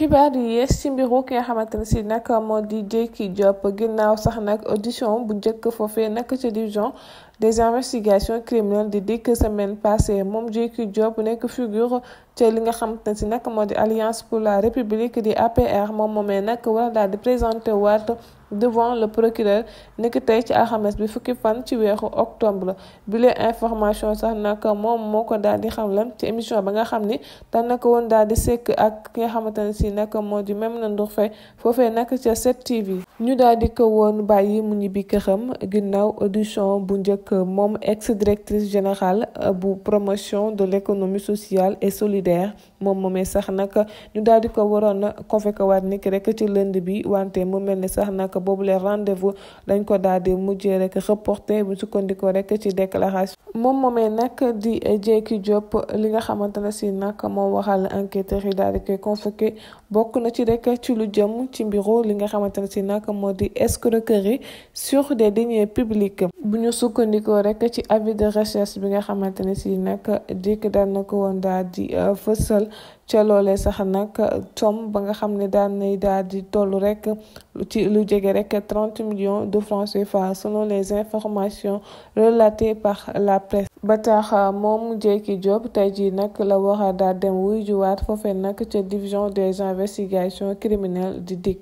xibaar yi yees ci mbiru ki nga xamante ne si nag moo di Dieyki Diop ginnaaw sax nag audition bu njëkk foofee nag ci division des investigations criminelles di dikk semaine passée moom Dieguy Diop nekk figure ci li nga xamante ne si nag moo di alliance pour la république di APR moom moomee nag war a daal di présenté waat devant le procureur nekk tey ci alxames bi fukki fan ci weeru octobre bile information sax nag moom moo ko daal di xamle ci émission ba nga xam ni daan na ko woon daal di sekk ak ki nga xamante ne si nag moo di même na ndox fay foofee nag ca 7 TV ñu daal di ko woon bàyyi mu ñibbi këram ginnaaw audition bu njëkk donc moom ex directrice générale euh, bu promotion de l' sociale et solidaire moom moomee sax nag ñu daal di ko waroon na convoqué waat niki rek ci lënd bi wante mu mel ni sax nag boobu les rendez-vous dañ ko daal di mujjee rek reporté bu sukkandikoo rek ci déclaration moom moomee nag di jekki Diop li nga xamante ne si nag moo waxal enquêteurs yi daal di koy convoqué bokk na ci rek ci lu jëm ci mbiru li nga xamante ne si nag moo di escroquerie sur des deniers publics sukkandikoo rek ci avis de recherche bi nga xamante ne si nag dikk daan na ko woon daal di euh, fësal ca loole sax nag tom ba nga xam ne daan nay daal di toll rek ci lu jege rek trente millions de francs CFA selon les informations relatées par la presse. ba tax euh, moom Dieyki Diop tey ji nag la war a daal dem wuy juwaat foofee nag ca division des investigations criminelles di DIC.